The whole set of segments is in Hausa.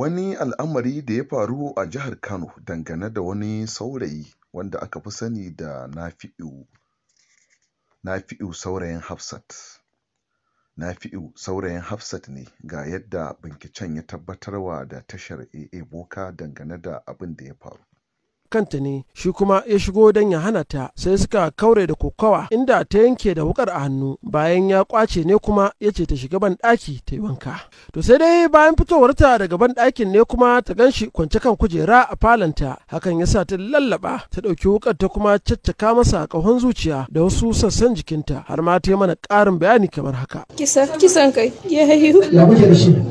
Wani al'amari da ya faru a Jihar Kano dangane da wani saurayi wanda aka fi sani da Nafi'u saurayin Hafsat. Nafi'u saurayin Hafsat ne ga yadda binciken ya tabbatarwa da tashar AA Boka dangane da abin da ya faru. kanta ne shi kuma ya shigo don ya hana ta sai suka kaure da kokawa inda ta yanke da wukar a hannu bayan ya kwace ne kuma ya ce ta shiga ban ɗaki ta yi wanka to sai dai bayan fitowarta daga ban ɗakin ne kuma ta ganshi kwance kan kujera a falanta hakan ya sa ta lallaba ta ɗauki wukar ta kuma caccaka masa ƙahon zuciya da wasu sassan jikinta har ma ta yi mana ƙarin bayani kamar haka kisa kisan kai ya haihu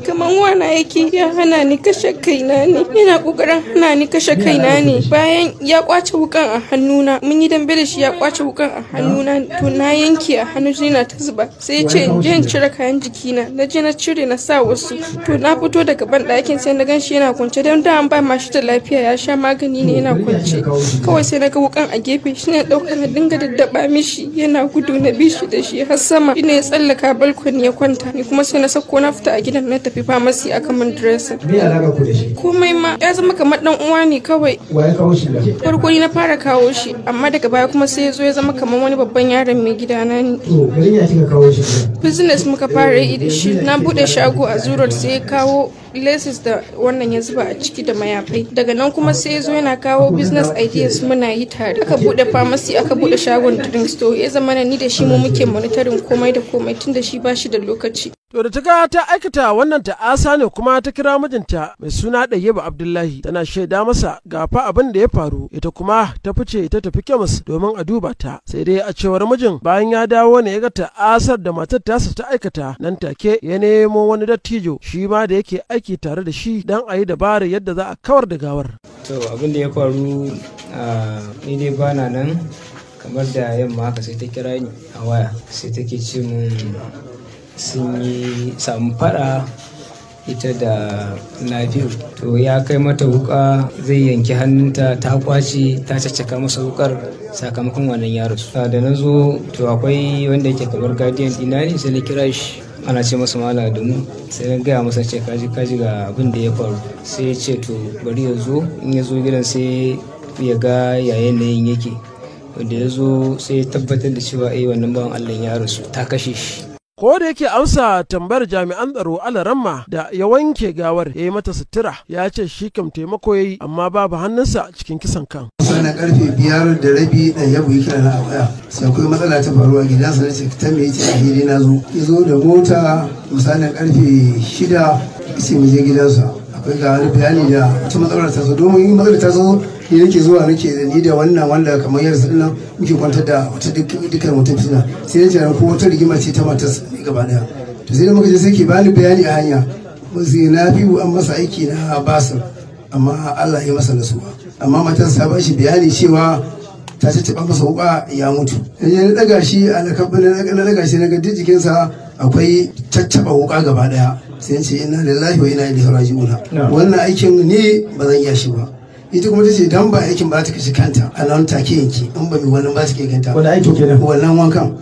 kamar wana yake ya hana ni kashe kaina ne yana ƙoƙarin hana ni kashe kaina ne bayan ya kwace wukan a hannuna mun yi dambe da shi ya kwace wukan a hannuna to na yanke a hannu jini na ta zuba sai ya ce in je cire kayan jikina na je na cire na sa wasu to na fito daga ban ɗakin sai na ganshi yana kwance don da an ba ma shi da lafiya ya sha magani ne yana kwance kawai sai na ga wukan a gefe shi ne ɗaukar na dinga daddaba mishi yana gudu na bi shi da shi har sama shi ne ya tsallaka balkoni ya kwanta ni kuma sai na sako na fita a gidan na tafi famasi a kaman dressing komai ma ya zama kamar dan uwa ne kawai farko na fara kawo shi amma daga baya kuma sai ya zo ya zama kamar wani babban yaron mai gida na ne business muka fara yi da shi na bude shago a zurot sai kawo laces da wannan ya zuba a ciki da mayafai daga nan kuma sai ya zo yana kawo business ideas muna yi tare aka bude pharmacy aka bude shagon drink store ya zama ni da shi mu muke monitoring komai da komai tun da shi ba shi da lokaci To da ta ga ta aikata wannan ta'asa ne kuma ta kira mijinta mai suna Ɗayyaba Abdullahi tana shaida masa gafa abin da ya faru ita kuma ta fice ta tafi kemis domin a duba ta sai dai a cewar mijin bayan ya dawo ne ya ga ta'asar da matar tasa ta aikata nan take ya nemo wani dattijo shi ma da yake aiki tare da shi dan a yi dabarar yadda za a kawar da gawar. To abin da ya faru ni dai bana nan kamar da yamma haka sai ta kira ni a waya sai take ce mun sun yi samfara ita da nafi'u to ya kai mata wuka zai yanki hannunta ta kwace ta caccaka masa wukar sakamakon wannan yaro da na zo to akwai wanda yake kamar guardian dina ne sai na kira shi ana ce masa mala adamu sai na gaya masa ce kaji kaji ga abin da ya faru sai ya ce to bari ya zo in ya zo gidan sai ya ga yayin da yin yake wanda ya zo sai ya tabbatar da cewa eh wannan bawan allah ya rasu ta kashe shi ko da yake amsa tambayar jami'an tsaro alaramma da ya wanke gawar ya yi mata sutura ya ce shi kam taimako ya yi amma babu hannunsa cikin kisan kan. na karfe biyar da rabi da ya kira na a waya sai akwai matsala ta faruwa gidansa na ce ta me yace a na zo ya zo da mota misalin karfe shida sai mu je gidansa ga wani bayani da wata matsalar ta zo domin matsalar ta zo ni nake zuwa nake da ni da wannan wanda kamar yadda sun nan muke kwantar da wata dukkan mutum suna sai na jira ko wata rigima ce ta matar ne gaba daya to sai da muka je sai ke bani bayani a hanya sai na fi an masa aiki na basir amma Allah ya masa nasuwa amma matar sa ba shi bayani cewa ta tattaɓa masa wuka ya mutu yanzu na daga shi a na daga shi na ga jikinsa akwai tattaɓa wuka gaba daya sai ce ina lillahi wa ina ilaihi raji'un wannan aikin ne ba zan iya shi ba ita kuma ta ce dan ba aikin ba ta kashi kanta a nan take yanki in ba mi wannan ba su ke kanta wannan ke kenan wannan wankan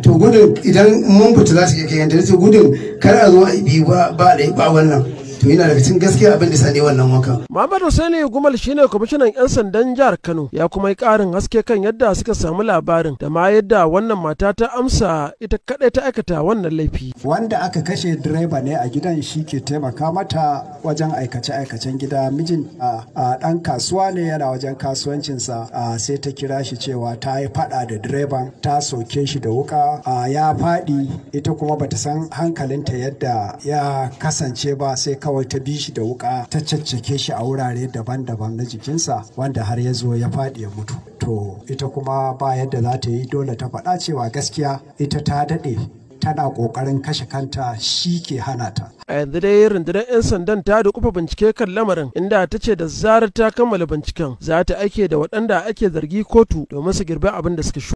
to gudun idan mun fita za su ke kanta sai ce gudun kar a zo a bi ba ba wannan to yana da cikin gaskiya abin da sani wannan wakan. Muhammad Hussaini Gumal shine kwamishinan yan sandan jihar Kano ya kuma yi karin haske kan yadda suka samu labarin da ma yadda wannan mata ta amsa ita kadai ta aikata wannan laifi wanda aka kashe direba ne a gidan shi ke taimaka mata wajen aikace aikacen gida mijin a dan kasuwa ne yana wajen kasuwancinsa sai ta kira shi cewa ta yi fada da direban ta soke shi da wuka ya faɗi ita kuma bata san hankalinta yadda ya kasance ba sai kawai kawai ta bi shi da wuka ta caccake shi a wurare daban-daban na jikinsa wanda har ya zo ya faɗi ya mutu to ita kuma ba yadda za ta yi dole ta faɗa cewa gaskiya ita ta daɗe tana kokarin kashe kanta shi ke hana ta. A yanzu dai rundunar 'yan sandan ta dukufa bincike kan lamarin inda ta ce da zarar ta kammala binciken za ta aike da waɗanda ake zargi kotu domin su girbi abin da suka